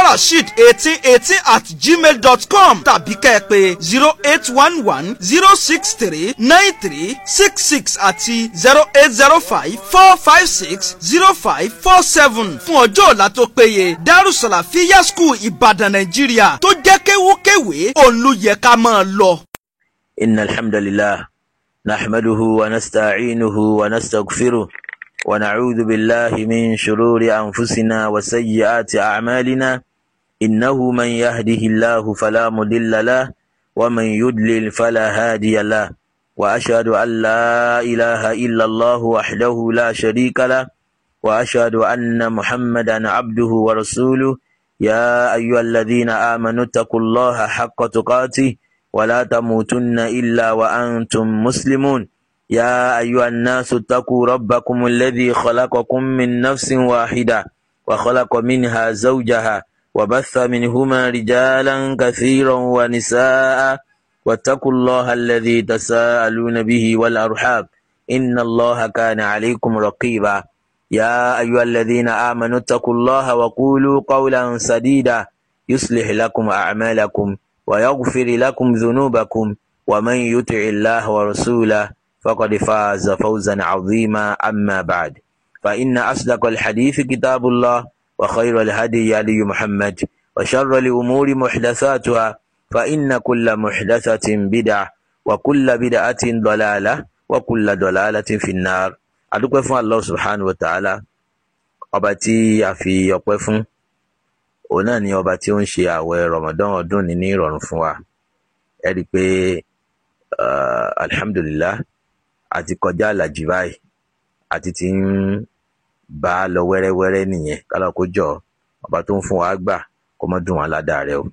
farasheed eighteen eighteen at gmail dot com tàbí kẹ́ẹ̀pè zero eight one one zero six three nine three six six àti zero eight zero five four five six zero five four seven fún ọjọ́ ọ̀la tó péye darussalafiya school ìbàdàn nàìjíríà tó jẹ́ kéwúkéwé òun ló yẹ ká máa lọ. إن الحمد wa نحمده wa ونستغفره ونعوذ بالله من شرور أنفسنا وسيئات أعمالنا إنه من يهده الله فلا مضل له ومن يدلل فلا هادي له وأشهد أن لا إله إلا الله وحده لا شريك له وأشهد أن محمدا عبده ورسوله يا أيها الذين آمنوا اتقوا الله حق تقاته ولا تموتن إلا وأنتم مسلمون يا أيها الناس اتقوا ربكم الذي خلقكم من نفس واحدة وخلق منها زوجها وبث منهما رجالا كثيرا ونساء واتقوا الله الذي تساءلون به والأرحام إن الله كان عليكم رقيبا يا أيها الذين آمنوا اتقوا الله وقولوا قولا سديدا يصلح لكم أعمالكم ويغفر لكم ذنوبكم ومن يطع الله ورسوله فقد فاز فوزا عظيما أما بعد فإن أصدق الحديث كتاب الله وخير الهدي هدي محمد وشر الأمور محدثاتها فإن كل محدثة بدعة وكل بدعة ضلالة وكل ضلالة في النار adúpẹ́ fún Allah subhanahu wa ta'ala ọba tí a fi ọpẹ́ fún òun náà ni ọba tí ó ń ṣe ààwẹ̀ Ramadan ọdún ní ní ìrọ̀rùn fún wa ẹ rí i pé alhamdulillah àti kọjá àlàjì báyìí àti ti ń bá a lọ wẹ́rẹ́wẹ́rẹ́ nìyẹn kálọ̀ kó jọ ọba tó ń fún wa gbà kó mọ́ dùn wá ládàá rẹ o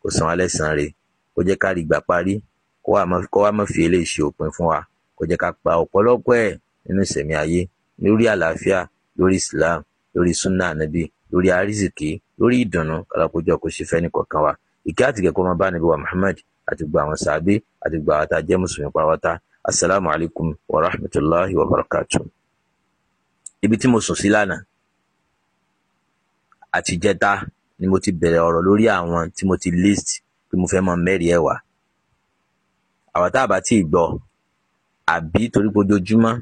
kó san alẹ́ san re kó jẹ́ ká rí gbà parí kó wá mọ̀ fi eléyìí ṣe òpin fún wa kó jẹ́ ká pa ọ̀pọ̀lọpọ̀ ẹ̀ nínú ìsẹ̀mí ayé lórí àlàáfíà lórí Islam lórí sunnah anabi lórí arizikì lórí ìdùnnú kálọ̀ kó jọ kó ṣe fẹ́ nìkọ̀ọ̀kan wa ìkẹ́ àtìkẹ́ kó máa bá níbi wa Muhammad àti gbogbo àwọn sàbí àti gbogbo àwọn tá a jẹ́ mùsùlùmí pàrọ̀wátá asalaamualeykum wa rahmatulahi wa barakatuh ibi tí mo sùn sí lánàá àtijẹta ni mo ti bẹ̀rẹ̀ ọ̀rọ̀ lórí àwọn tí mo ti list pé mo fẹ́ mọ mẹ́rin ẹ̀ wá àwọn tá a bá tí ì gbọ́ àbí torí pé ojoojúmọ́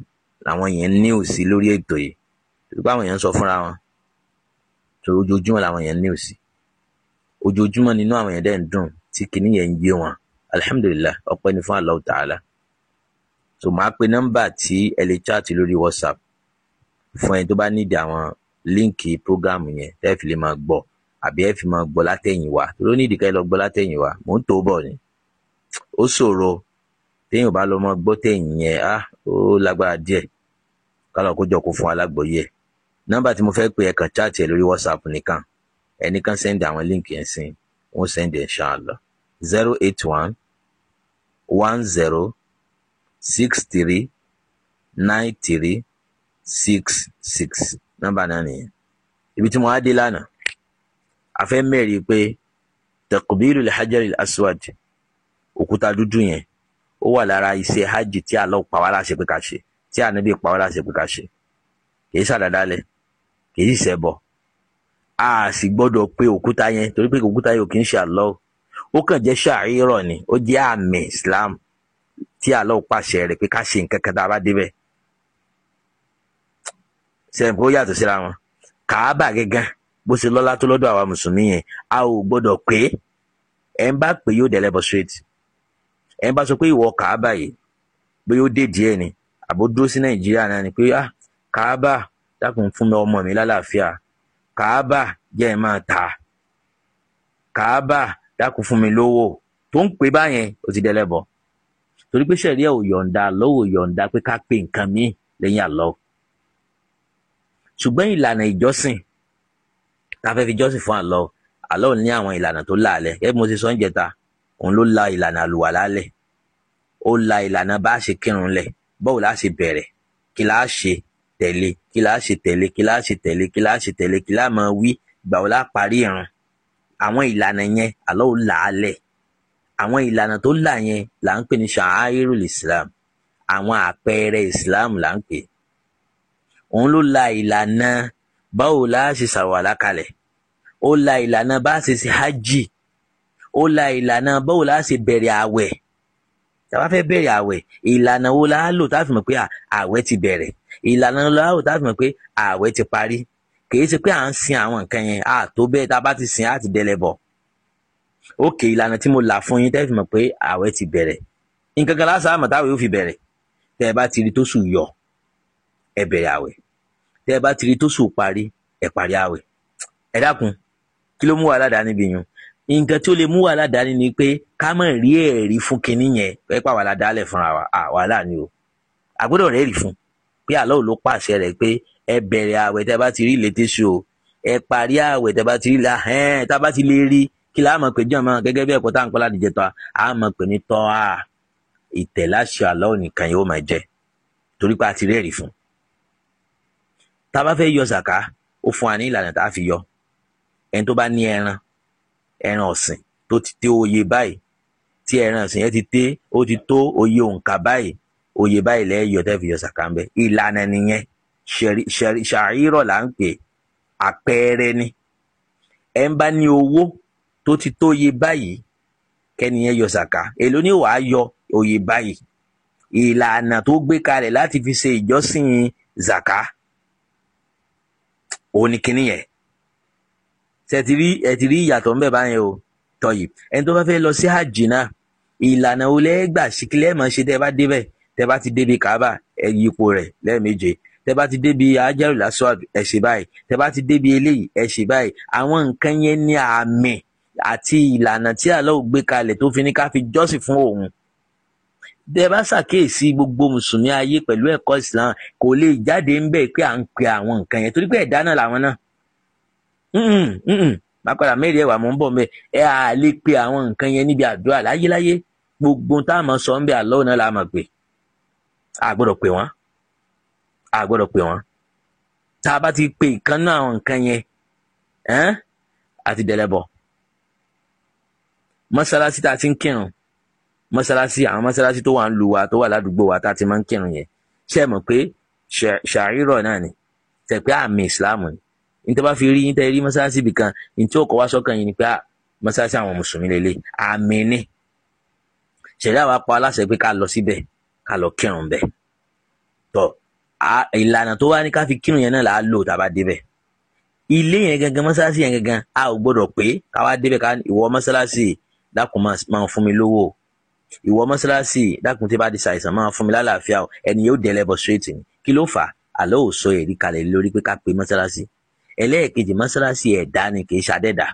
làwọn yẹn ní òsì lórí ètò yìí torí pé àwọn yẹn ń sọ fúnra wọn torí ojoojúmọ́ làwọn yẹn ní òsì ojoojúmọ́ nínú àwọn yẹn dẹ̀ ń dùn tí kìíní yẹn ń yé wọn alhamdulillah ọpẹ́ ni fún Allah ta'ala so màá pe nọ́mbà tí ẹ lè chaàtì lórí WhatsApp fún ẹni tó bá nídìí àwọn líǹkì prógáàmù yẹn tẹ́ ẹ fi lè máa gbọ́ àbí ẹ fi máa gbọ́ látẹ̀yìn wá tó nídìí ká ẹ lọ gbọ́ látẹ̀yìn wá mò ń tó bọ̀ ni ó ṣòro téèyàn bá lọ máa gbọ́ tẹ̀yìn yẹn á ah, ó lágbára díẹ̀ kálọ̀ kó jọ kó fún alágbọ̀yé ẹ̀ tí mo fẹ́ pè ẹ̀ kàn chaàtì lórí whatsapp nìkan ẹnì kan sẹ́ndì àwọn líǹkì yẹn sí wọ́n sẹ́ndì ẹ̀ ṣáàlọ́ zero eight one one zero six three nine three six six nọ́mbà náà nìyẹn ibi tí mo á dé lánàá afẹ́ mẹ́rin pé tẹkùbírù lẹ́hájẹ́rì aswad òkúta dúdú yẹn ó wà lára iṣẹ́ hajj tí Allah pa wá láṣẹ pé ká ṣe tí ànábì pa wá láṣẹ pé ká ṣe kìí ṣàdádálẹ̀ kìí ṣẹbọ a sì gbọ́dọ̀ pé òkúta yẹn torí pé òkúta yẹn ò kì í ṣe Allah ó kàn jẹ́ ṣàríyọ̀ ni ó jẹ́ àmì Islam tí Allah pàṣẹ rẹ̀ pé ká ṣe nǹkan kan tá a bá débẹ̀ sẹ́yìn kó yàtọ̀ síra wọn kàábà gẹ́gẹ́ bó ṣe lọ́lá tó lọ́dọ̀ àwa mùsùlùmí yẹn a ò gbọ́dọ̀ pé ẹ̀ ń bá pè yóò dẹ̀ lẹ́bọ̀ straight ẹ̀ ń bá sọ pé ìwọ kàábà yìí bí yóò dé díẹ̀ ni àbó dúró sí nàìjíríà náà ni pé ah kàábà dákun fún mi ọmọ mi lálàáfíà kàábà jẹ́ ẹ̀ máa ta kàábà dákun fún mi lówó tó ń pè báyẹn ó ti dẹ̀ lẹ́bọ̀ torí pé sẹ̀ríà ò yọ̀ǹda lọ́wọ́ yọ̀ǹda pé ká pè nǹkan míì lẹ́yìn àlọ́ọ̀ ṣùgbọ́n ìlànà ìjọsìn tá a fẹ́ fi jọ́sìn fún àlọ́ àlọ́ ní àwọn ìlànà tó láàlẹ̀ gẹ́gẹ́ bí mo ti sọ ń jẹta òun ló la ìlànà àlùwàlá lẹ̀ ó la ìlànà bá a ṣe kírun lẹ̀ báwo la ṣe bẹ̀rẹ̀ kí la ṣe tẹ̀lé kí la ṣe tẹ̀lé kí la ṣe tẹ̀lé kí la ṣe tẹ̀lé kí la máa wí ìgbà wo la parí irun àwọn ìlànà yẹn àlọ́ ò là á lẹ̀ àwọn ìlànà tó là yẹn là ń pè ní ṣàáírù Islam àwọn àpẹẹrẹ Islam là ń pè é òun ló la ìlànà báwo la ṣe ṣàwàlá kalẹ̀ ó la ìlànà bá ṣe ṣe hajj ó la ìlànà báwo la ṣe bẹ̀rẹ̀ àwẹ̀ tàbá fẹ́ bẹ̀rẹ̀ àwẹ̀ ìlànà wo la lò tá a fi mọ̀ pé àwẹ̀ ti bẹ̀rẹ̀ ìlànà wo la lò tá a fi mọ̀ pé àwẹ̀ ti parí kìí ṣe pé à ń sin àwọn nǹkan yẹn a tó bẹ́ẹ̀ tá a bá ti sin á ti dẹlẹ̀ bọ̀ ókè ìlànà tí mo là fún yín tẹ́ fi mọ̀ pé àwẹ̀ ti bẹ̀rẹ̀ nǹkan kan lásán àmọ̀ táwẹ̀ yóò fi bẹ̀rẹ̀ tẹ́ ẹ bá ti rí tó sùn yọ ẹ bẹ̀rẹ̀ àwẹ̀ tẹ́ ẹ bá ti rí tó sùn parí ẹ parí ààwẹ̀ ẹ dákun kí ló mú wàhálà dání bí yun nǹkan tí ó lè mú wàhálà dání ni pé ká mọ̀ rí ẹ̀rí fún kinní yẹn pé pa wàhálà dálẹ̀ fúnra wa wàhálà ni o àgbọ́dọ̀ rẹ̀ rí fún pé àlọ́ ló pàṣẹ rẹ̀ pé ẹ bẹ̀rẹ̀ ààwẹ̀ tẹ́ bá ti rí ìlétésù o ẹ parí ààwẹ̀ tẹ́ bá ti rí làhẹ́n tá bá ti lè rí kí la mọ̀ pé jọ̀mọ́ gẹ́gẹ́ bí ẹ̀kọ́ tá à ń pọ́lá dìjẹ́ta a mọ̀ pé ní tọ́ a ìtẹ̀láṣẹ àlọ́ nìkan yóò máa jẹ torí pé a ti rẹ́rìí fún un tá a bá fẹ́ yọ zaka ó fún wa ní ìlànà tá a fi yọ ẹni tó bá ní ẹran ẹran ọ̀sìn tó ti tẹ oye báyìí tí ẹran ọ̀sìn yẹn ti tẹ ó ti tó oye òǹkà báyìí oye báyìí lẹ́yìn yọ tẹ́ fi yọ zaka ń bẹ ìlànà nìyẹn ṣàìrọ̀ là ń pè àpẹẹrẹ ni ẹ̀ ń bá ní owó tó ti tó oye báyìí kẹ́niyẹn yọ zaka èló ni wàá yọ oye báyìí ìlànà tó gbé kalẹ̀ láti fi ṣe ìjọsìn zaka òun ni kinní yẹn ṣe ti rí ẹ ti rí ìyàtọ̀ ń bẹ̀ báyẹn o tọ̀yì ẹni tó bá fẹ́ lọ sí hajj náà ìlànà olè gbà síkílẹ̀ mọ̀ ṣe tẹ́ bá débẹ̀ tẹ́ bá ti débi kaaba ẹ yí ipò rẹ̀ lẹ́ẹ̀méje tẹ́ bá ti débi ajarul aswad ẹ ṣe báyìí tẹ́ bá ti débi eléyìí ẹ ṣe báyìí àwọn nǹkan yẹn ní àmì àti ìlànà tí Allah gbé kalẹ̀ tó fi ní ká fi jọ́sìn fún òun bẹ́ẹ̀ bá ṣàkíyèsí gbogbo mùsùlùmí ayé pẹ̀lú ẹ̀kọ́ islam kò lè jáde ń bẹ̀ pé à ń pe àwọn nǹkan yẹn torí pé ẹ̀dá náà làwọn náà bákọ́dà mẹ́rin ẹ̀wà mọ́ ń bọ̀ mẹ́ ẹ̀ à lè pe àwọn nǹkan yẹn níbi àdúrà láyéláyé gbogbo tá a mọ̀ sọ ń bẹ àlọ́ náà la mọ̀ pé a gbọ́dọ̀ pè wọ́n a gbọ́dọ̀ pè wọ́n tá a bá ti pe ìkan náà àwọn nǹkan yẹn àti dẹ̀lẹ́bọ̀ mọ́sálásí tá a ti ń kírun mọ́ṣáláṣí àwọn mọ́ṣáláṣí tó wà ń lu wa tó wà ládùúgbò wa tá a ti máa ń kírun yẹn ṣe mọ̀ pé ṣàrírọ̀ náà ni tẹ̀ pé àmì ìsìláàmù ni nítorí bá fi rí yín tẹ́ rí mọ́ṣáláṣí ibì kan ní tí ó kọ́ wá sọ́kàn yín ni pé ah, mọ́ṣáláṣí àwọn mùsùlùmí lélẹ̀ àmì ni ṣẹ̀dá wa pa aláṣẹ pé ká lọ síbẹ̀ ká lọ kírun bẹ̀ tọ́ ìlànà tó wá ní ká fi kírun yẹn náà là á lò tá a bá débẹ̀ ilé ìwọ mọ́ṣáláṣí dákun tí bá di ṣàìsàn máa fún mi lálàáfíà o ẹni yóò dẹ̀ lẹ́bọ̀ straight ni kí ló fà á àlọ́ ò sọ èrí kalẹ̀ lórí pé ká pe mọ́ṣáláṣí ẹlẹ́ẹ̀kejì mọ́ṣáláṣí ẹ̀dá ni kì í ṣàdẹ́dà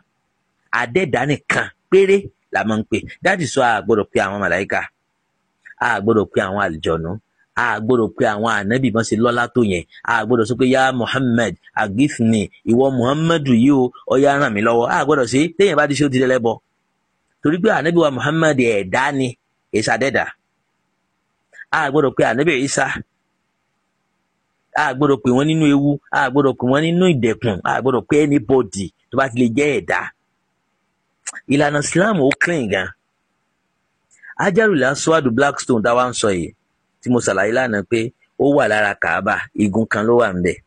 àdẹ́dà nìkan péré la máa ń pè dájú sọ a gbọ́dọ̀ pe àwọn màláìka a gbọ́dọ̀ pe àwọn àlìjọ̀nù a gbọ́dọ̀ pe àwọn ànábì bọ́n lọ́lá tó yẹn a gbọ́dọ̀ sọ pé ya Muhammad agifni ìwọ Muhammadu yìí o ọya ràn mí lọ́wọ́ a gbọ́dọ̀ ṣe téèyàn bá ti ṣe ó ti dẹ́lẹ́bọ torí pé ànábì wa Muhammad ẹ̀dá ni isa dẹ́dà a gbọ́dọ̀ pé ànábì isa a gbọ́dọ̀ pé wọ́n nínú ewu a gbọ́dọ̀ pé wọ́n nínú ìdẹ̀kùn a gbọ́dọ̀ pé anybody tó bá ti lè jẹ́ ẹ̀dá ìlànà Islam ó clean gan Ajarul Aswad Blackstone táwa ń sọ yìí tí mo ṣàlàyé lánàá pé ó wà lára Kaaba igun kan ló wà ń bẹ̀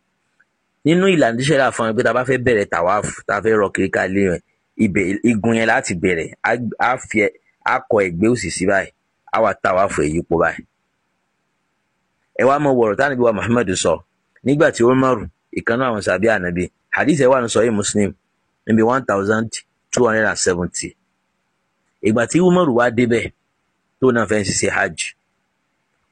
nínú ìlànà tí sẹ́dá fún mi pé tá a bá fẹ́ bẹ̀rẹ̀ tàwáàfù tá a fẹ́ rọ kiri ká lé rẹ̀ ibẹ̀ igun yẹn láti bẹ̀rẹ̀ á fi á kọ ẹ̀gbẹ́ òsì sí báyìí á wà tá wàá fọ èyí po báyìí. ẹ wá mọ wọ̀rọ̀ tá ànábì wa Muhammad sọ nígbà tí Umaru ìkànnà àwọn sàbí ànábì hadith ẹ wà ní sọyìn Muslim níbi one thousand two hundred and seventy. ìgbà tí Umaru wá débẹ̀ tó náà fẹ́ ṣiṣẹ́ hajj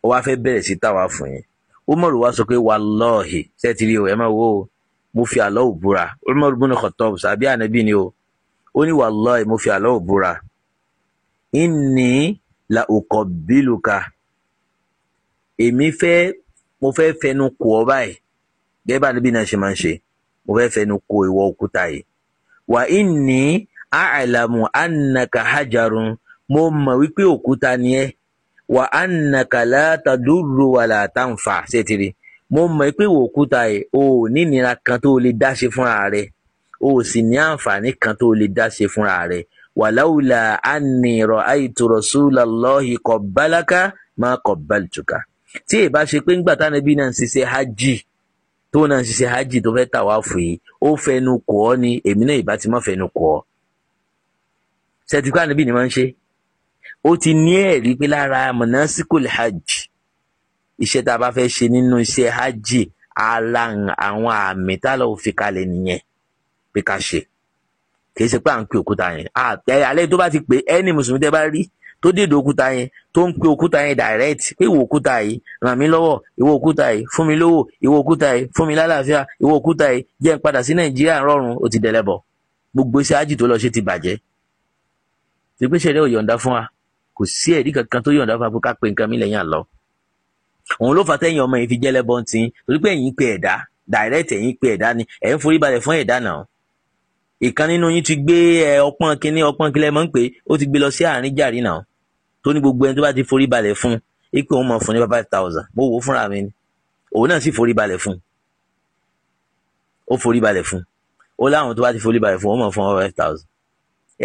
ó wá fẹ́ bẹ̀rẹ̀ sí táwa fún yín Umaru wa sọ pé wallahi sẹ́ẹ̀tì rí o ẹ máa wo o mo fi àlọ́ òbúra Umaru bùnú Khattab sàbí ànábì ni o ó ní wallahi mo fi àlọ́ òbúra inni la uqabbiluka èmi fẹ́ mo fẹ́ fẹnu kò ọ́ báyìí gẹ́gẹ́ bá níbí náà ṣe máa ń ṣe mo fẹ́ fẹnu kò ìwọ òkúta yìí wà inni a'lamu annaka hajarun mo mọ̀ wípé òkúta ni ẹ́ wà annaka la tadurru wà la ṣètìrì mo mọ̀ pé òkúta yìí o ò ní ìnira kan tó o lè dá ṣe fúnra rẹ̀ o ò sì ní àǹfààní kan tó o lè dá ṣe fúnra rẹ̀ walaula anni ra'aytu rasulallahi qabbalaka ma qabbaltuka tí èyí bá ṣe pé ńgbà táwọn ẹbí náà ń ṣiṣẹ́ hajj tó náà ń ṣiṣẹ́ hajj tó fẹ́ tàwáfù yìí ó fẹnu kò ọ́ ni èmi náà ìbá ti má fẹnu kò ọ́ sẹtìkọ́ àníbì ni wọ́n ń ṣe ó ti ní ẹ̀rí pé lára mọ̀nàsíkòlì hajj iṣẹ́ tá a bá fẹ́ ṣe nínú iṣẹ́ hajj ara àwọn àmì tá a lọ́ọ́ fi kalẹ̀ nìyẹn pé ká ṣe kì í ṣe pé à ń pe òkúta yẹn alẹ́ tó bá ti pè ẹni mùsùlùmí tẹ́ bá rí tó dèdè òkúta yẹn tó ń pe òkúta yẹn direct pé ìwọ òkúta yìí ràn mí lọ́wọ́ ìwọ òkúta yìí fún mi lówó ìwọ òkúta yìí fún mi lálàáfíà ìwọ òkúta yìí jẹ́ n padà sí nàìjíríà rọrùn ó ti dẹlẹ́bọ̀ gbogbo iṣẹ́ ájì tó lọ ṣe ti bàjẹ́ ìpè ṣẹlẹ̀ ò yọ̀ǹda fún wa kò sí ẹ̀rí kankan tó yọ̀ǹda fún wa pé ká pe nǹkan mi lẹ́yìn àlọ́ òun ló fà tẹ́yìn ọmọ yìí fi jẹ́lẹ́bọ̀ torí pé ẹ̀yin pe ẹ̀dá direct ẹ̀yin pe ẹ̀dá ni ẹ̀ ń forí balẹ̀ fún ẹ̀dá náà ìkan nínú yín ti gbé ẹ ọpọ́n kínní ọpọ́n kílẹ̀ mọ́ ń pè ó ti gbé lọ sí àárín jàrí náà tó ní gbogbo ẹni tó bá ti forí balẹ̀ fún un pé òun mọ̀ fún ní five thousand mo wò ó fúnra mi ni òun náà sì forí balẹ̀ fún un ó forí balẹ̀ fún un ó láwọn tó bá ti forí balẹ̀ fún un òun mọ̀ fún five thousand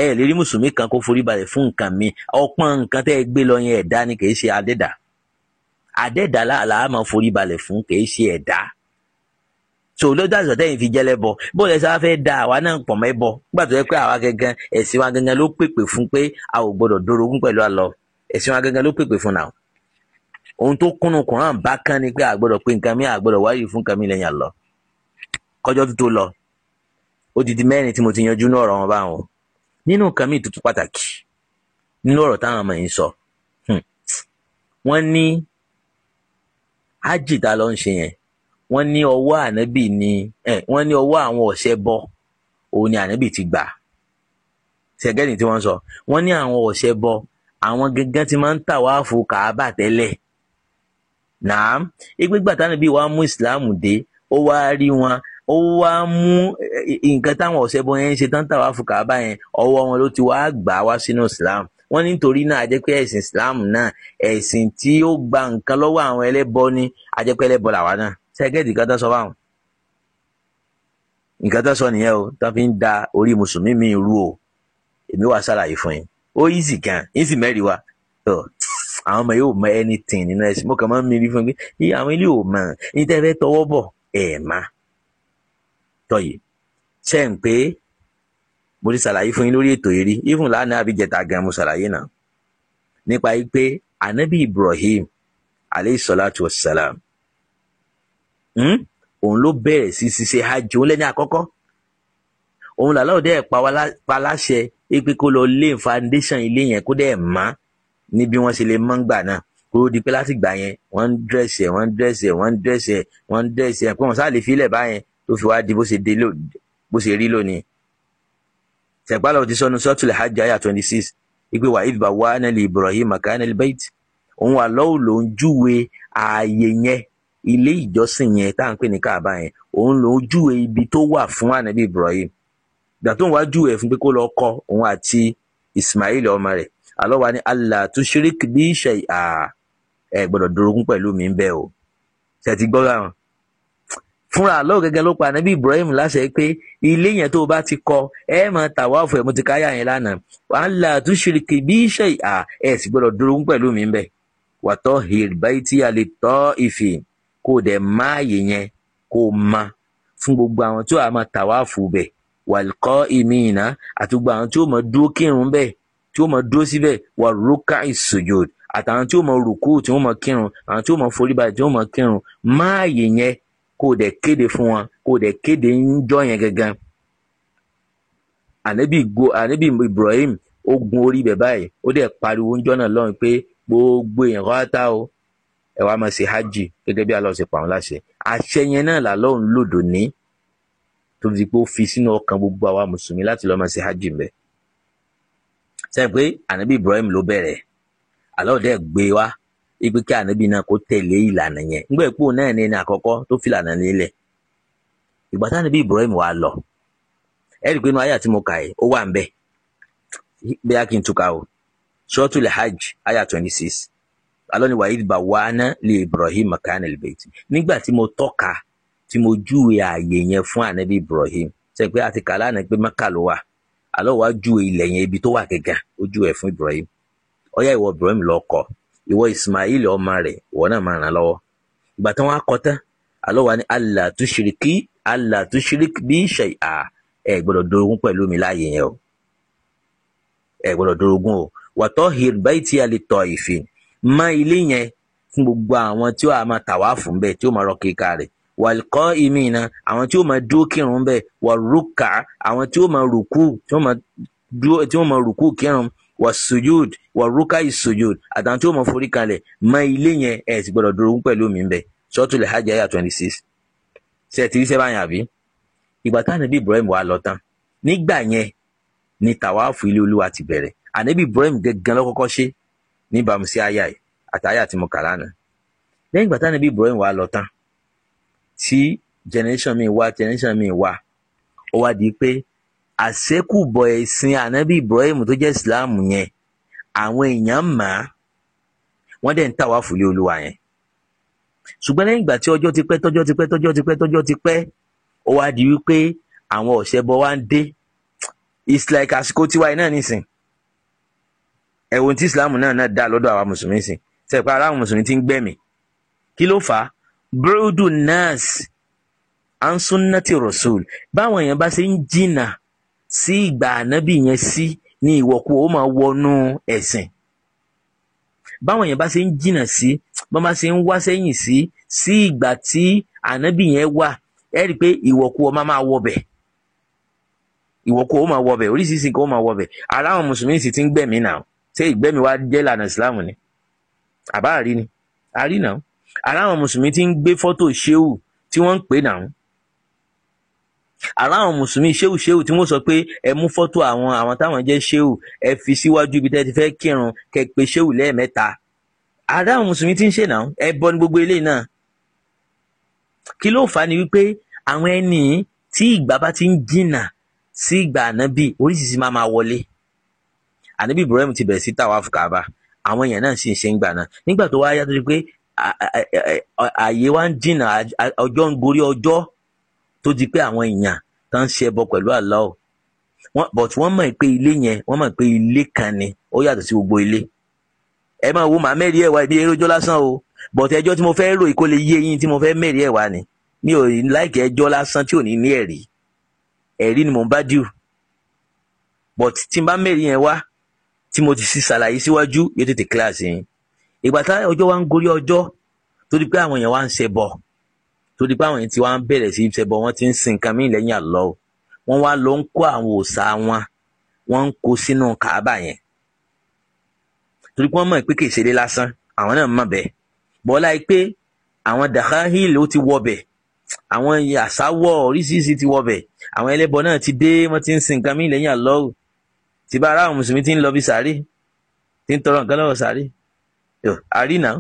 ẹ lè rí mùsùlùmí kan kó forí balẹ̀ fún nǹkan mi ọpọ́n nǹkan tẹ́ ẹ gbé lọ yẹn ẹ̀dá ni kì í ṣe adẹ́dà adẹ́dà láàlá so lọ́jọ́ àṣọ tẹ́yìn fi jẹ́lẹ̀ bọ̀ bóòlù ẹ̀sẹ̀ wá fẹ́ da àwa náà pọ̀ mẹ́ bọ̀ nígbà tó yẹ pé àwa gangan ẹ̀sìn wa gangan ló pèpè fún pé a ò gbọdọ̀ dorogún pẹ̀lú àlọ́ ẹ̀sìn wa gangan ló pèpè fún náà ohun tó kúnnù kùnrán bá kán ni pé a gbọdọ̀ pé nǹkan mi a gbọdọ̀ wáyé fún nǹkan mi lẹ́yìn àlọ́ kọjọ́ tó tó lọ odidi mẹ́rin tí mo ti yanjú ní ọ̀rọ̀ wọn báwọn nínú nǹkan tuntun pàtàkì nínú ọ̀rọ̀ táwọn ọmọ yìí sọ hmm, wọ́n ní ájì tá ló ń ṣe yẹn wọ́n ní ọwọ́ ànábì ni wọ́n ní ọwọ́ àwọn ọ̀ṣẹbọ òun ni ànábì ti gbà ṣẹ̀gẹ́nì tí wọ́n sọ wọ́n ní àwọn ọ̀ṣẹbọ àwọn gangan ti máa ń tàwáàfù kàábà tẹ́lẹ̀ náà ìgbégbà tánàbí wàá mú ìsìláàmù dé ó wá rí wọn ó wá mú nǹkan táwọn ọ̀ṣẹbọ yẹn ń ṣe tán tàwáàfù kàábà yẹn ọwọ́ wọn ló ti wá gbà wá sínú ìsìláàmù wọ́n ní nítorí náà a jẹ́ pé náà ẹ̀sìn tí ó gba nǹkan lọ́wọ́ àwọn ẹlẹ́bọ ni a jẹ́ làwa náà sẹ́gẹ́tì kan tó sọ fáwọn nǹkan tó sọ nìyẹn o tó fi ń da orí mùsùlùmí mi rú o èmi wàá ṣàlàyé fún yín ó yí sì kan yín sì mẹ́rin wa àwọn ọmọ yóò mọ anything nínú ẹ̀sìn mo kàn máa ń mírí fún mi pé àwọn ilé ò mọ ní tẹ́ fẹ́ tọwọ́ bọ̀ ẹ̀ má tọ́yì ṣe ń pé mo ti ṣàlàyé fún yín lórí ètò yìí rí lánàá àbí gan mo ṣàlàyé náà nípa pé anabi Ibrahim aleyhisalatu wasalam Hmm? òun ló bẹ̀rẹ̀ sí ṣiṣẹ́ hajj òun lẹ́ni àkọ́kọ́ òun làlọ́ dẹ́ pa láṣẹ pé kó lọ lé foundation ilé yẹn kó dẹ́ mọ́ ní bí wọ́n ṣe lè mọ́ ń gbà náà kó di pé láti gbà yẹn wọ́n ń dírẹ̀sì ẹ̀ wọ́n ń dírẹ̀sì ẹ̀ wọ́n ń dírẹ̀sì ẹ̀ wọ́n ń dírẹ̀sì pé wọ́n sáà lè filẹ̀ báyẹn tó fi wá di bó ṣe rí lónìí. sẹ̀pálọ̀ ti sọnu sọ́tùlẹ̀ hajj ayah twenty six ìpè wà ìbá wa nẹ́lì Ibrahim makanel bait òun wà lọ́wọ́ lòún júwe ààyè yẹn ilé ìjọsìn yẹn tá à ń pè ní káàbá yẹn òun lòún júwe ibi tó wà fún ànábì Ibrahim ìgbà tó ń wá júwe fún pé kó lọ kọ òun àti Ismail ọmọ rẹ̀ Allah wa ni Allah tushrik bí ṣe à ẹ gbọ́dọ̀ dorogún pẹ̀lú mi bẹ o ṣe ti gbọ́ báwọn fúnra Allah gẹ́gẹ́ ló pa ànábì Ibrahim láṣẹ pé ilé yẹn tó o bá ti kọ ẹ mọ tàwa ọ̀fọ̀ ẹ̀ ti káyà yẹn lánàá Allah tushrik bí ṣe à ẹ sì gbọ́dọ̀ dorogún pẹ̀lú mi ń bẹ wàtọ́ hìrìbáyìí tí a lè tọ́ ìfì kó o dẹ̀ má àyè yẹn kó o ma fún gbogbo àwọn tí ó wà máa tàwáàfù bẹ̀ wàlùkọ́ ìmìnà àti gbogbo àwọn tí ó máa dúró kírun bẹ́ẹ̀ tí ó máa dúró síbẹ̀ wà rúkà ìsòjòd àtàwọn tí ó máa rùkú tí ó máa kírun àwọn tí ó máa foríbalẹ̀ tí ó máa kírun má àyè yẹn kó o dẹ̀ kéde fún wọn kó o dẹ̀ kéde ńjọ́ yẹn gangan ànábì Ibrahim ó gun orí bẹ̀ báyìí ó dẹ̀ pariwo ńjọ́ náà lọ́run pé gbogbo èèyàn kọ́ á o ẹ wá máa ṣe hajj gẹ́gẹ́ bí Allah ṣe pa láṣẹ àṣẹ yẹn náà lọ ń lòdò ní tó fi pé fi sínú ọkàn gbogbo àwa mùsùlùmí láti lọ máa ṣe hajj mbẹ́ sẹ́yìn pé ànábì Ibrahim ló bẹ̀rẹ̀ gbé wa ipe kí ànábì náà kó ìlànà yẹn náà ní tó fi Ibrahim wà lọ ẹ rí i pé inú tí mo kà yìí n túkà o ṣọ́ọ̀tù hajj twenty alọ́ni wàhíd bá wá ná lè ibrahim makana ilbẹ̀tì nígbà tí mo tọ́ka tí mo júwe ààyè yẹn fún ànábì ibrahim ṣe pé àti kàlá náà pé maka ló wà alọ́ wàá júwe ilẹ̀ yẹn ibi tó wà gẹ́gẹ́ ó júwe fún ibrahim ọ̀yá ìwọ ibrahim lọ kọ ìwọ ismail ọmọ rẹ̀ ìwọ náà máa ràn lọ́wọ́ ìgbà tí wọ́n á kọ tán alọ́ wàá ní alla tushiriki alla tushrik bí ṣèyà ẹ gbọ́dọ̀ dorogún pẹ̀lú mi láàyè yẹn o ẹ gbọ́dọ̀ dorogún o wàtọ́ hir baiti àlè tọ́ ìfin mọ́ ilé yẹn fún gbogbo àwọn tí ó máa tàwáàfù ń bẹ̀ tí ó máa rọ kíkà rẹ̀ wàlùkọ́ ìmí iná àwọn tí ó máa dúró kírun bẹ́ẹ̀ wàlùkà àwọn tí ó máa rùkú tí ó máa dúró tí ó máa rùkú kírun wàsùjúd wàrúkà ìsùjúd àtàwọn tí ó máa forí kalẹ̀ mọ́ ilé yẹn ẹ̀ sì gbọ́dọ̀ dúró pẹ̀lú mi bẹ́ẹ̀ sọ́tù hajj ayah twenty six ṣe ti rí sẹ́bàáyàn àbí ìgbà táwọn ẹbí Ibrahim wà lọ tán nígbà yẹn ni tàwáàfù ilé Olúwa ti bẹ̀rẹ̀ ànẹ́bí Ibrahim gẹ́gẹ́ lọ́kọ́kọ́ ṣe níbàámu sí àyà yìí àtàyà tí mo kà lánàá lẹ́yìn ìgbà táwọn ibi Ibrahim wá lọ tán tí generation mi wá generation mi wá ó wá di pé àṣekùbọ̀ ẹ̀sìn ànábì Ibrahim tó jẹ́ Islam yẹn àwọn èèyàn mà á wọ́n dẹ̀ ń tà wá fúlé olúwa yẹn ṣùgbọ́n lẹ́yìn ìgbà tí ọjọ́ ti pẹ́ tọ́jọ́ ti pẹ́ tọ́jọ́ ti pẹ́ tọ́jọ́ ti pẹ́ ó wá di wípé àwọn ọ̀ṣẹ́bọ wá ń dé it's like àsìkò tiwa yìí náà nìsín ẹ̀wọ̀n tí ìsìláàmù náà náà dá lọ́dọ̀ àwa mùsùlùmí sí ṣe pé ara àwọn mùsùlùmí ti ń gbẹ̀mí kí ló fà á búrúdù nọ́ọ̀sì ansunnati rasul báwọn èèyàn bá ṣe ń jìnnà sí ìgbà ànábì yẹn sí ni ìwọ̀kú ó máa wọnú ẹ̀sìn báwọn èèyàn bá ṣe ń jìnnà sí bá bá ṣe ń wá sẹ́yìn sí sí ìgbà tí ànábì yẹn wà ẹ rí i pé ìwọ̀kú ó máa wọbẹ̀ ìwọ̀kú ó máa wọbẹ̀ oríṣiríṣi nǹkan ó máa wọbẹ̀ ara àwọn mùsùlùmí sì ti ń gbẹ̀mí náà ṣé ìgbẹ́mi wa jẹ́ ìlànà ìsìláàmù ni àbá àrí ni àrí náà ara àwọn mùsùlùmí ti ń gbé fọ́tò ṣéwù tí wọ́n ń pè náà ara àwọn mùsùlùmí ṣéwù ṣéwù tí wọ́n sọ pé ẹ mú fọ́tò àwọn àwọn táwọn jẹ́ ṣéwù ẹ fi síwájú ibi tẹ́ ti fẹ́ kírun kẹ́ pe ṣéwù lẹ́ẹ̀mẹ́ta ara mùsùlùmí ti ń ṣe náà ẹ bọ ní gbogbo eléyìí náà kí ló fà á ni wípé àwọn ẹni tí ìgbà bá ti ń jìnnà sí ìgbà ànábì oríṣiríṣi máa máa wọlé ànábì Ibrahim ti bẹ̀rẹ̀ sí tàwa fùkàbà àwọn èèyàn náà sì ń ṣe ń gbà náà nígbà tó wá yá tó di pé ààyè wa ń dínà ọjọ́ ń gorí ọjọ́ tó di pé àwọn èèyàn tó ń ṣẹbọ pẹ̀lú Allah but wọ́n mọ̀ pé ilé yẹn wọ́n mọ̀ pé ilé kan ni ó yàtọ̀ sí gbogbo ilé ẹ máa wo màmẹ́rì ẹ̀wà ìbí erójọ́ lásán o but ẹjọ́ tí mo fẹ́ rò kó lè yé yín tí mo fẹ́ mẹ́rì ẹ̀wà ni mi ò láìkẹ́ ẹjọ́ lásán tí ò ní ní ẹ̀rí ẹ̀rí ni mò ń bá dìú but tí n bá mẹ́rì yẹn wá tí mo ti ṣàlàyé síwájú yóò tètè kíláàsì yín ìgbà tá ọjọ́ wa ń gorí ọjọ́ torí pé àwọn èèyàn wa ń ṣẹbọ torí pé àwọn èèyàn ti wá ń bẹ̀rẹ̀ sí ṣẹbọ wọ́n ti ń sin nǹkan míì lẹ́yìn àlọ́ wọ́n wá lọ ń kó àwọn òòṣà wọn wọ́n ń kó sínú kàábà yẹn torí pé wọ́n mọ̀ pé kì í ṣeré lásán àwọn náà mọ̀ bẹ́ẹ̀ bọ́lá yìí pé àwọn dàkáhìl ó ti wọ bẹ̀ àwọn àṣàwọ̀ oríṣiríṣi ti wọ bẹ̀ àwọn ẹlẹ́bọ náà ti dé wọ́n ti ń sin nǹkan míì lẹ́yìn àlọ́ọ̀ tí bá ara àwọn mùsùlùmí ti ń lọ bí sàárè ti ń tọrọ nǹkan lọ́wọ́ sàárè àrínà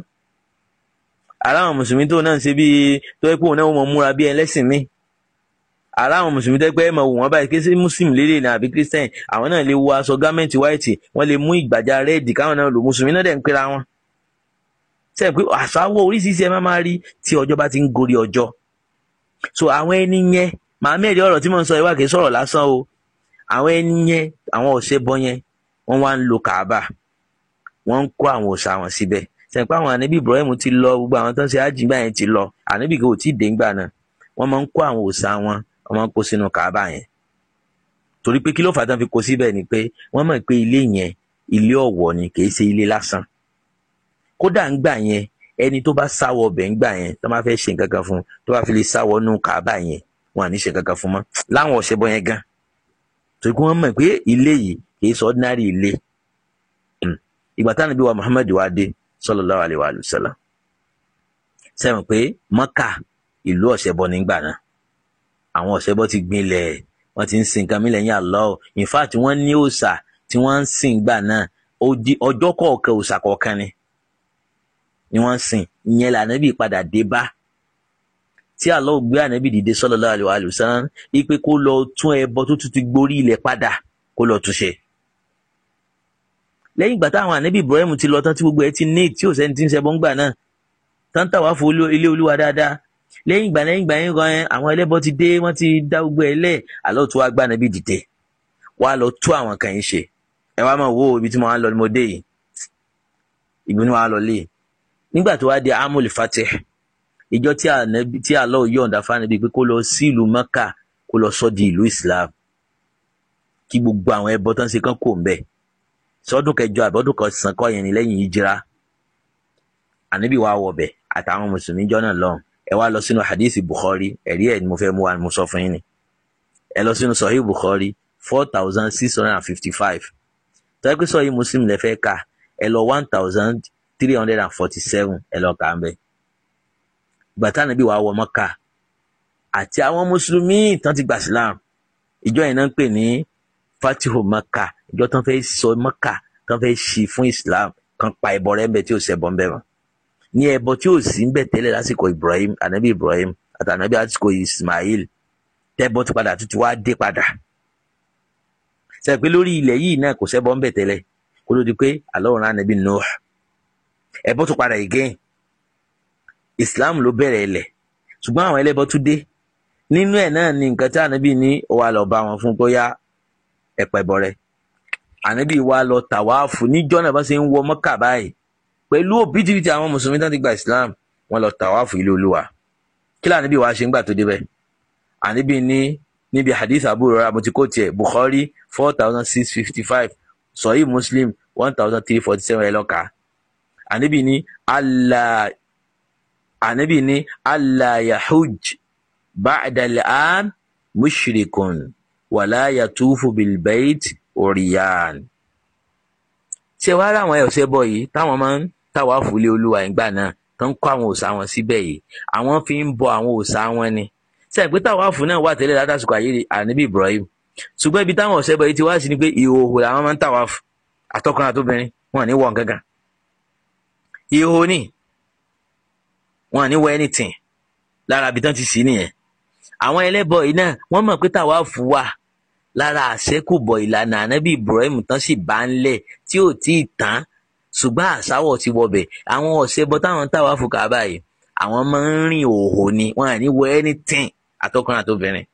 ara àwọn mùsùlùmí tó náà ń ṣe bí tó yẹ pé òun náà wọ́n múra bí ẹlẹ́sìn mi ara àwọn mùsùlùmí tó yẹ pé ẹ̀ máa wò wọ́n báyìí kéṣe muslim lélẹ̀ ní àbí christian àwọn náà lè wọ aṣọ gámẹ́ǹtì white wọ́n lè mú ìgbàjá rẹ́ẹ̀dì káwọn náà lò mùsùlùmí náà dẹ̀ ń pera wọn sẹ́yìn pé àṣà wo oríṣiríṣi ẹ máa máa rí tí ọjọ́ bá ti ń gorí ọjọ́ so àwọn ẹni yẹn màá mẹ́rin ọ̀rọ̀ tí mo ń sọ ìwà kìí sọ̀rọ̀ lásán o àwọn ẹni yẹn àwọn ọ̀ṣẹbọ yẹn wọ́n wá ń lo Kaaba wọ́n ń kó àwọn òòṣà wọn síbẹ̀ sẹ̀pẹ́ àwọn ànábì Ibrahim ti lọ gbogbo àwọn tó ń ṣe àjìgbà yẹn ti lọ ànábì kò tí ì dé ńgbà náà wọ́n máa ń kó àwọn òòṣà wọn wọ́n máa ń kó sínú Kaaba yẹn torí pé kí ló fà tán fi kó síbẹ̀ ni pé wọ́n mọ̀ pé ilé yẹn ilé ọ̀wọ̀ ni kì í ṣe ilé lásán kódà ńgbà yẹn ẹni tó bá sáwọ ọbẹ̀ ńgbà yẹn tó bá fẹ́ ṣe nǹkan kan fún tó bá fi lè sáwọ nù Kaaba yẹn wọn à ní ṣe nǹkan kan fún mọ́ láwọn ọ̀ṣẹ́bọ yẹn gan torí pé wọ́n mọ̀ pé ilé yìí sọ ordinary ilé hmm. ìgbà táwọn ibi wa Muhammad wa dé sallallahu alaihi wa sallam sẹ́wọ̀n pé maka ìlú ọ̀ṣẹ̀bọ nígbà náà àwọn ọ̀ṣẹ̀bọ ti gbinlẹ̀ wọ́n ti ń sin nǹkan mílẹ̀ yín àlọ́ in fact wọ́n ní òòṣà tí wọ́n ń sìn gbà náà ọjọ́ kọ̀ọ̀kan òòṣà kọ̀ọ̀kan ni ni wọ́n ń sìn ìyẹn lànà bí padà dé bá tí Allah gbé ànábì dìde sallallahu alaihi wasallam ipe kó lọ tún ẹbọ tó tún ti gborí ilẹ̀ padà kó lọ tún ṣe. lẹ́yìn ìgbà táwọn ànábì Ibrahim ti lọ tán tí gbogbo ẹ ti ní tí ò sẹ́ni tí ń ṣẹbọ ń gbà náà tán tàwa fo ilé olúwa dáadáa lẹ́yìn ìgbà lẹ́yìn ìgbà yẹn gan ẹ àwọn ẹlẹ́bọ ti dé wọ́n ti dá gbogbo ẹ lẹ̀ Allah tó wá gbé ànábì dìde wá lọ tú àwọn kan yìí ṣe ẹ wá máa wo ibi tí mo wá lọ ni mo dé yìí ìjọ tí ànábì tí àlọ́ yọ̀ǹda fánábì pé kó lọ sí ìlú mọ́kà kó lọ sọ di ìlú islam kí gbogbo àwọn ẹbọ tó ń ṣe kán kò ń bẹ̀ sọdún kẹjọ àbọ̀dún kan sàn kọ́ yẹn ni lẹ́yìn ìjìra ànábì wa wọ̀ bẹ̀ àtàwọn mùsùlùmí jọ náà lọ́hùn ẹ wá lọ sínú hadith bukhari ẹ̀rí ẹ̀ ni mo fẹ́ mú wa mo sọ fún yín ni ẹ lọ sínú sahih bukhari four thousand six hundred and fifty five tọ́jú pé sahih muslim lẹ fẹ́ ka ẹ lọ one thousand three hundred and forty seven ẹ lọ kà á bẹ́ẹ̀ gbàtà nàbí wàá wọ Mọ́kà àti àwọn mùsùlùmí tán ti gbà Islam ìjọ yẹn náà ń pè ní fatihu Mọ́kà ìjọ tán fẹ́ sọ Mọ́kà tán fẹ́ ṣí fún Islam kan pa ẹbọ rẹ̀ ńbẹ tí ò ṣẹbọ ńbẹ mọ́ ní ẹbọ tí ò sí ńbẹ tẹ́lẹ̀ lásìkò Ibrahim anabi Ibrahim àti anabi àsìkò Ismail tẹ́bọ ti padà tuntun wá dé padà sẹ́pẹ́ lórí ilẹ̀ yìí náà kò ṣẹbọ ńbẹ tẹ́lẹ̀ kó ló di pé Allah anabi Nuh ẹbọ tó padà again islam ló bẹ̀rẹ̀ ilẹ̀ ṣùgbọ́n àwọn ẹlẹ́bọ tún dé nínú ẹ̀ náà ni nǹkan tí ànábì ní ó wá lọ bá wọn fún bóyá ẹ̀pẹ̀ bọ̀rẹ̀ ànábì wá lọ tàwáàfù níjọ́ náà bá ṣe ń wọ mọ́kà báyìí pẹ̀lú òbítíbitì àwọn mùsùlùmí tó ti gba islam wọn lọ tàwáàfù ilé olúwa kí lóò ànábì wá ṣe ń gbà tó débẹ̀ ànábì ní níbi hadith Abu Hurairah mo ti tiẹ̀ Bukhari four thousand six fifty five Sahih Muslim one thousand three forty seven ẹ̀ lọ́ka ànábì ní allah ànábì ní alayahujj ba'dal am mushrikun wala yatufu bilbait oriyan. ṣé wàá rà àwọn ọ̀sẹ̀ bọ̀ yìí táwọn máa ń tàwa fúlé olúwa ìgbà náà tó ń kọ́ àwọn òòṣà wọn síbẹ̀ yìí àwọn fi ń bọ àwọn òòṣà wọn ni sẹ́yìn pé táwa fún náà wà tẹ́lẹ̀ látàsùkò ayé ànábì Ibrahim ṣùgbọ́n ibi táwọn ọ̀sẹ̀ bọ̀ yìí ti wá sí ni pé ìhòòhò làwọn máa ń tàwa fún àtọkùnrin àtobìnrin wọn ní wọn gángan ìhòòhò ni wọn à ní wọ anything lára ibi tán ti sí nìyẹn àwọn ẹlẹ́bọ̀ yìí náà wọ́n mọ̀ pé tàwa fù wá lára àṣẹ́kùbọ̀ ìlànà ànábì Ibrahim tán sì bá ń lẹ̀ tí ò tí ì tán ṣùgbọ́n àṣàwọ̀ ti wọbẹ̀ àwọn ọ̀sẹ̀ bọ́ táwọn tàwa fù ká báyìí àwọn máa ń rìn òhò ni wọn à ní wọ anything àtọkùnrin àtobìnrin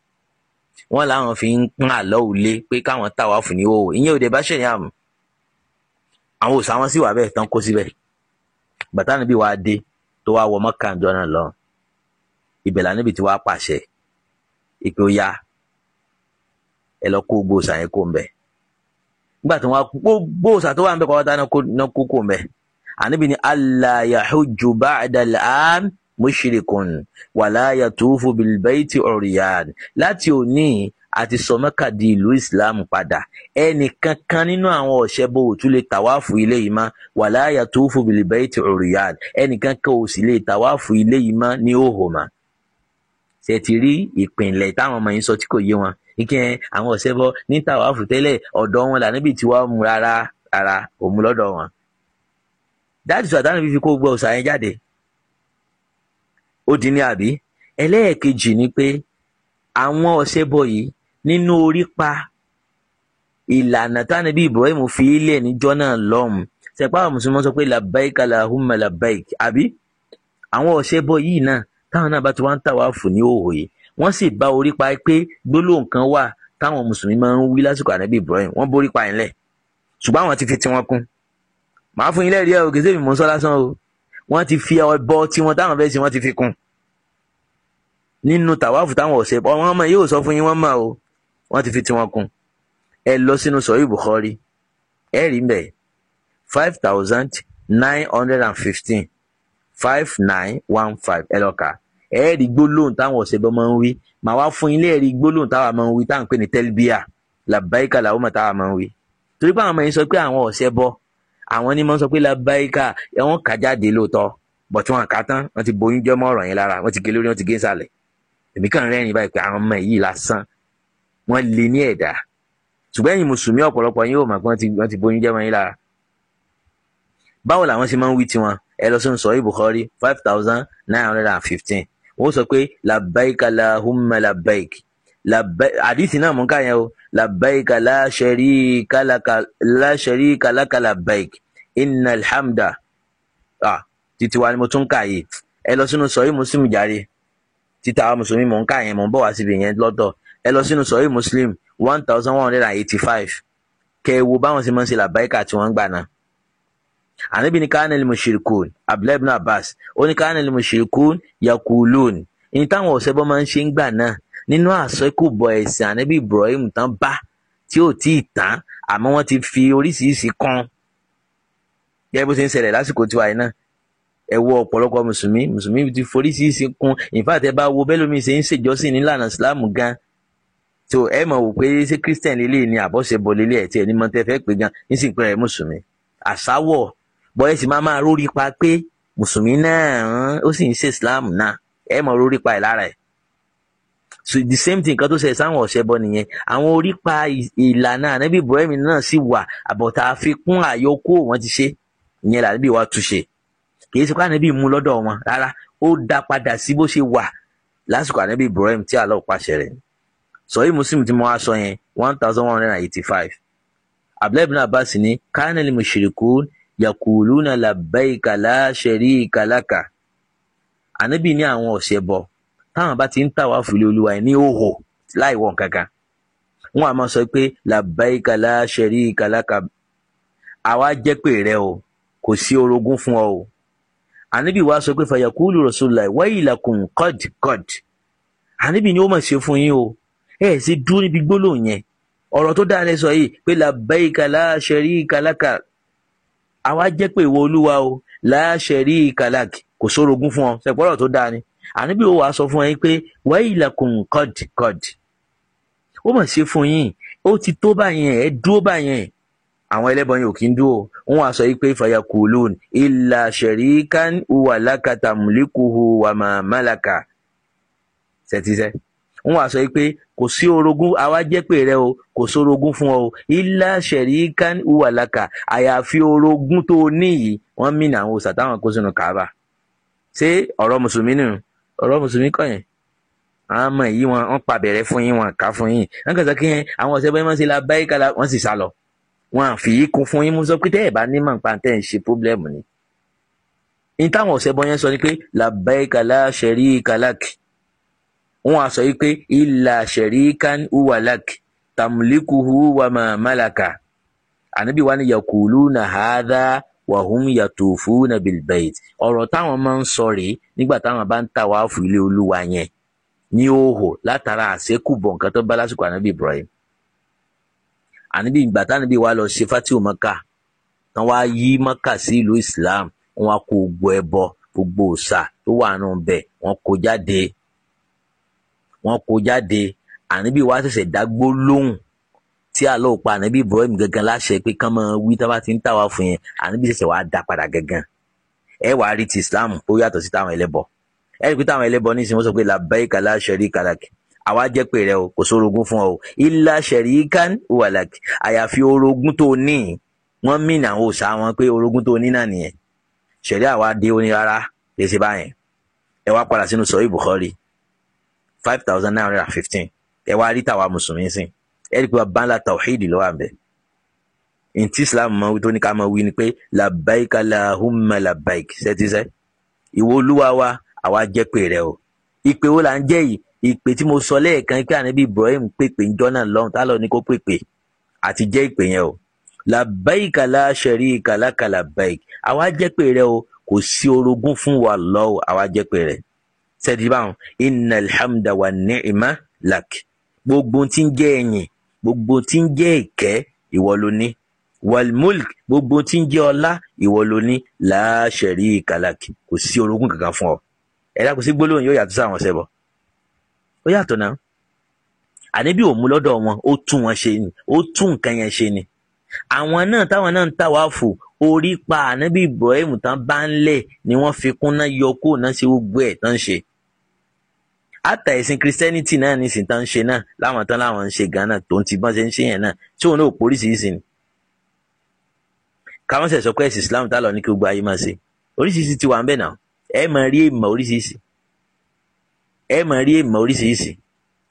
wọn làwọn fi ń pín àlọ́ òlé pé káwọn tàwa fù ní òhò ìyẹn òde bá ṣẹ̀yìn àmọ́ àwọn òòsàn wọn sì wà bẹ́ẹ̀ tán kó síbẹ̀ bàtà níbi wàá dé tó wá wọ mọ́kà ńjọ́ náà lọ ibẹ̀ lànàbì tí wàá pàṣẹ ìpè ó yá ẹ lọ kó gbogbo òòsà yẹn kó ń bẹ nígbà tí wọn gbogbo òòsà tó wà ń bẹ kọ́ ọ́tá náà kó kó ń bẹ ànàbì ni alla yahujju ba'dal am mushrikun wala yatufu bil bayti láti òní àti sọ Mẹ́kà di ìlú ìsìláàmù padà ẹnì kankan nínú àwọn ọ̀ṣẹ́bọ ò tún lè tàwáàfù ilé yìí mọ́ wàlá yatufu bil bayti uriyan ẹnì kankan ò sì lè tàwáàfù ilé yìí mọ́ ní òhò mọ́. ṣe ti rí ìpìnlẹ̀ táwọn ọmọ yìí sọ tí kò yé wọn ìkẹ́ àwọn ọ̀ṣẹ́bọ ní tàwáàfù tẹ́lẹ̀ ọ̀dọ̀ wọn lànàbì tí wọ́n mú rárá rárá òmu lọ́dọ̀ wọn. dáàdì sọ àtàwọn fífi ni pé àwọn ọ̀ṣẹ́bọ yìí nínú orípa ìlànà tánàbí Ibrahim fi ilẹ̀ níjọ́ náà lọ́hùn sẹ̀pá àwọn mùsùlùmí sọ pé labaik alahumma labaik àbí àwọn ọ̀ṣẹ́bọ yìí náà táwọn náà bá ti wá ń tàwáfù ní òhò yìí wọ́n sì bá orípa pé gbólóhùn kan wà táwọn mùsùlùmí máa ń wí lásìkò ànábì Ibrahim wọ́n borí pa ìlẹ̀ ṣùgbọ́n àwọn ti fi tiwọn kún màá fún yín lẹ́rìí ẹ̀ òkè sẹ́mi mò ń sọ wọ́n ti fi tiwọn kún ẹ lọ sínú sọ̀yìn Bukhari ẹ rí mbẹ̀ five thousand nine hundred and fifteen five nine one five ẹ lọ kà ẹ rí gbólóhùn táwọn ọ̀sẹ̀ bọ́ máa ń wí màá wá fún ilé ẹ rí gbólóhùn táwọn máa ń wí táwọn pè ní tẹ́lbíà làbáyíkà làwọn mọ̀ táwọn máa ń wí torí pé àwọn ọmọ yẹn sọ pé àwọn ọ̀sẹ̀ bọ́ àwọn ni mo sọ pé làbáyíkà ẹ̀wọ̀n kà jáde lóòótọ́ bọ̀tí wọn kà tán wọ́n ti boyún jọ́mọ́ ọ̀rọ̀ yẹn lára wọ́n ti gé lórí wọ́n ti gé nsàlẹ̀ èmi kàn rẹ́rìn báyìí pé àwọn ọmọ yìí lásán wọ́n le ní ẹ̀dá ṣùgbọ́n ẹ̀yin mùsùlùmí ọ̀pọ̀lọpọ̀ yín ò mọ̀ pé wọ́n ti bóyún jẹ́ wọn yín lára báwo làwọn ṣe máa ń wí tiwọn ẹ lọ sínú sọ̀rọ̀ Bukhari five thousand nine hundred and fifteen wọ́n sọ pé la alahumma labbaik àdìsí náà mú káyọ̀ o labbaik la sharika laka la sharika laka labbaik innal hamda ah títí wa ni mo tún kà yìí ẹ lọ sínú sọ̀rọ̀ Muslim jàre títà wa mùsùlùmí mò ń kà yẹn mò ń bọ̀ wá síbi yẹn lọ́tọ̀ ẹ lọ sínú sọ̀rí muslim one thousand one hundred and eighty five kẹ ẹ wo báwọn ṣe máa ń ṣe làbáyíkà tí wọ́n ń gbà náà ànábì ní kánẹ́lì mushrikun abdullahi ibn abbas ó ní kánẹ́lì mushrikun yakulun ní táwọn ọ̀sẹ̀ bọ́ máa ń ṣe ń gbà náà nínú àsọkùbọ̀ ẹ̀sìn ànábì ibrahim tán bá tí ò tí ì tán àmọ́ wọ́n ti fi oríṣiríṣi kan gẹ́gẹ́ bó ṣe ń ṣẹlẹ̀ lásìkò tiwa yìí náà ẹ wo ọ̀pọ̀lọpọ̀ mùsùlùmí mùsùlùmí ti foríṣiríṣi kún ìfàtẹ́ bá wo bẹ́lómi ṣe ń ṣèjọ́sìn nílànà tó ẹ mọ̀ wò pé ṣé christian lélẹ̀ ni àbọ̀ṣẹbọ lélẹ̀ ẹ̀ tí ẹ̀ ní mọ̀ tẹ́ fẹ́ pé gan ní sì ń pẹ́ rẹ̀ mùsùlùmí àṣàwọ̀ bọ́yẹ̀ sì máa máa rórí pa pé mùsùlùmí náà ó sì ń ṣe islam náà ẹ mọ̀ rórí pa ẹ̀ lára ẹ̀ so the same thing kan tó ṣẹlẹ̀ sáwọn ọ̀ṣẹ́bọ nìyẹn àwọn orípa ìlànà ànábì ibrahim náà sì wà àbọ̀tà àfikún àyọkú wọn ti ṣe ìyẹn làbí wa túṣe kì í ṣe pé ànábì mú lọ́dọ̀ wọn rárá ó dá padà sí bó ṣe wà lásìkò ànábì ibrahim tí àlọ́ pàṣẹ rẹ̀ sọyí muslim tí mo wá sọ yẹn one thousand one hundred and eighty-five abdullahi ibn abbas ní kánẹ́lì mushrikun yakuluna labbaika la sharika laka ànábì ní àwọn ọ̀sẹ̀ bọ̀ táwọn bá ti ń tà wá fúlẹ̀ olúwa ẹ̀ ní òhò láì wọ̀n kankan wọn a máa sọ pé labbaika la sharika laka àwa jẹ́ pé rẹ o kò sí orogún fún ọ o ànábì wa sọ pé fayakulu rasulullah wayilakum qad qad ànábì ni ó máa ṣe fún yín o ẹ ẹ sì dúró níbi gbólóhùn yẹn ọ̀rọ̀ tó dáa ni sọ yìí pé labbaika la sharika laka àwa jẹ́ pé ìwọ olúwa o la sharika lak kò sórogún fún ọ ṣẹ̀pọ̀rọ̀ tó dáa ni àníbi ó wàá sọ fún yín pé wailakum qad qad ó mà ṣe fún yín ó ti tó báyẹn ẹ dúró báyẹn àwọn ẹlẹ́bọn yìí ò kí ń dúró wọn wàá sọ yìí pé fayakulun illa sharikan huwa laka tamlikuhu wa ma malaka ṣètìṣẹ́ ń wá sọ pé kò sí orogún àwa jẹ́ pé rẹ o kò sórogún fún ọ o ilá ṣẹ̀ríkan uwàlàkà àyàfi orogún tó ní yìí wọ́n mìnà àwọn òòsà táwọn kó sínú kàába ṣé ọ̀rọ̀ mùsùlùmí nù ọ̀rọ̀ mùsùlùmí kọ̀ yẹn àwọn ọmọ yìí wọn wọn pa bẹ̀rẹ̀ fún yín wọn kà fún yín wọn kàn sọ kí yẹn àwọn ọ̀sẹ̀ bẹ́ẹ̀ máa ṣe la báyìí kala wọ́n sì sá lọ wọn fi yí kun fún yín mú sọ pé tẹ́ bá ní mọ̀ nípa tẹ́ ń ṣe pọ́blẹ́mù ni. ní táwọn ọ̀sẹ̀ bọ́ yẹn sọ ni pé làbáyìí kala ṣẹ̀rí kalaki wọn á sọ yìí pé ilà sharikan uwalak tamlikuhu wa ma malaka ànábì wa ni yakuluna hadha wàhùn yàtòfù nàbìlbẹ̀t ọ̀rọ̀ táwọn máa ń sọ rèé nígbà táwọn bá ń tà wá fún ilé olúwa yẹn ní òhò látara àṣekùbọ̀ nǹkan tó bá lásìkò ànábì Ibrahim ànábì ìgbà tánábì wa lọ ṣe fatihu maka tán wá yí maka sí ìlú Islam wọn kó gbogbo ẹbọ gbogbo òòṣà tó wà nù bẹ wọn kó jáde wọ́n kó jáde ànábì wa ṣẹ̀ṣẹ̀ dágbó lóhùn tí àlọ́ pa ànábì Ibrahim gangan láṣẹ pé kán máa wí tá bá ti ń tà wá fún yẹn ànábì ṣẹ̀ṣẹ̀ wàá dá padà gangan ẹ wàá rí ti Islam ó yàtọ̀ sí táwọn ẹlẹ́bọ ẹ rí i pé táwọn ẹlẹ́bọ ní ìsìn wọ́n sọ pé labbaika la sharika lak àwa jẹ́ pé rẹ o kò sórogún fún ọ o illa sharikan huwa lak àyàfi orogún tó ní wọ́n mìnà òòṣà wọn pé orogún tó ní náà nìyẹn ṣẹ̀rí àwa dé oní rárá lè ṣe báyẹn ẹ wá padà sínú sọ̀rọ̀ Bukhari five thousand nine hundred and fifteen ẹ wá rí tàwa mùsùlùmí sìn ẹ rí i pé bàbá ńlá tawhid ló wà ń bẹ ntí islam mọ tó ní ká mọ wí ni pé labaik alahumma labaik ṣẹtíṣẹ ìwọ olúwa wa àwa jẹ́ pé rẹ o ìpè wo là ń jẹ́ yìí ìpè tí mo sọ lẹ́ẹ̀kan kí ànábì ibrahim pèpè ńjọ́ náà lọ́hùn tá lọ́ọ́ ní kó pèpè àti jẹ́ ìpè yẹn o labaik la sharika laka labaik àwa jẹ́ pé rẹ o kò sí orogún fún wa lọ́wọ́ àwa jẹ́ pé rẹ sẹ́díbáwọn inna alhamda wa ni'ma lak gbogbo tí ń jẹ́ ẹ̀yìn gbogbo tí ń jẹ́ ìkẹ́ ìwọ ló ní walmulk gbogbo tí ń jẹ́ ọlá ìwọ ló ní la sharika lak kò sí orogún kankan fún ọ ẹ̀dá kò sí gbólóhùn yóò yàtọ̀ sáwọn ṣẹbọ ó yàtọ̀ náà àníbí ò mú lọ́dọ̀ wọn ó tún wọn ṣe ni ó tún nǹkan yẹn ṣe ni àwọn náà táwọn náà ń tà wá fò orí pa ànábì Ibrahim tán bá ń lẹ̀ ni wọ́n fi kún náà yọ kó náà ṣe gbogbo ẹ̀ tán ṣe àtà ẹ̀sìn Christianity náà ní ìsìn tán ń ṣe náà láwọn tán láwọn ń ṣe gan náà tó ń ti bọ́n ṣe ń ṣe yẹn náà tí òun náà ò poríṣiríṣi ni. káwọn sẹ̀ sọ pé ẹ̀sìn Islam tá lọ ní kí gbogbo ayé máa ṣe oríṣiríṣi ti wà ń bẹ̀ náà ẹ máa rí èèmọ̀ oríṣiríṣi ẹ máa rí èèmọ̀ oríṣiríṣi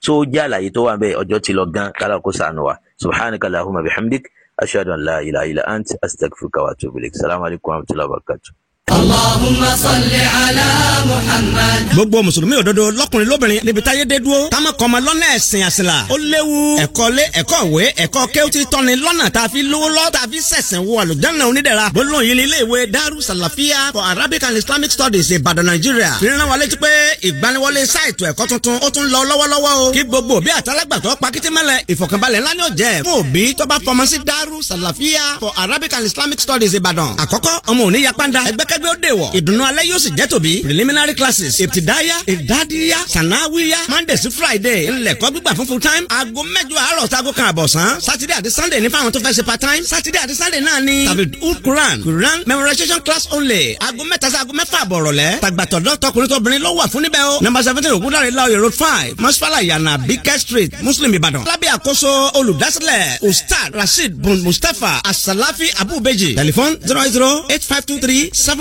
tó jẹ́ àlàyé tó wà ń bẹ̀ ọjọ́ ti lọ gan kálá kó sànù wa subhanaka allahumma bihamdik ashhadu an la ilaha illa ant wa atubu ilaik salamu alaykum wa Allahumma Muhammad. gbogbo mùsùlùmí òdodo lọkùnrin lóbìnrin níbi táyé dé dúró táwọn kan máa lọ́nà ẹ̀sìn àṣìlá ó léwu ẹ̀kọ́ lé ẹ̀kọ́ ìwé ẹ̀kọ́ kéwútì tọ́ni lọ́nà tá a fi lówó lọ́ tá a fi sẹ̀sìn wo àlùjáná onídẹ̀ra gbólóhùn yìí ní ilé Daru Salafia for Arabic and Islamic Studies Ìbàdàn Nàìjíríà fìrìnà wa létí pé ìgbaniwọlé sáìtù ẹ̀kọ́ tuntun ó tún lọ lọ́wọ́lọ́wọ́ o kí gbogbo bí àtàlágbàtọ́ pakitimẹ́lẹ̀ ìfọ̀kànbalẹ̀ ńlá ni ó jẹ́ fún òbí tó bá Daru Salafia for Arabic and Islamic Studies Ìbàdàn àkọ́kọ́ ọmọ òní yapanda kẹgbẹ́ ó dèwọ̀ ìdùnnú alẹ́ yóò sì jẹ́ tòbí preliminary classes ìtìdáyà ìdádíyà sànáwíyà monday sí friday ńlẹ̀kọ́ gbígbà fún full time aago mẹ́jọ àárọ̀ sago kan àbọ̀sán saturday àti sunday ní fáwọn tó fẹ́ ṣe part time saturday àti sunday náà ni tàbí ul quran quran memorization class only aago mẹ́ta sí aago mẹ́fà àbọ̀rọ̀lẹ́ tàgbàtọ̀dọ̀ tọkùnrin tóbìnrin ló wà fún níbẹ̀ o number seventeen ògúndàrí laoye road five mọ́sífàlà yànnà bíkẹ́ street muslim ìbàdàn lábẹ́ àkóso olùdásílẹ̀ ustaz rasheed bun mustapha asalafi abubeji tẹlifon zero zero eight five two three seven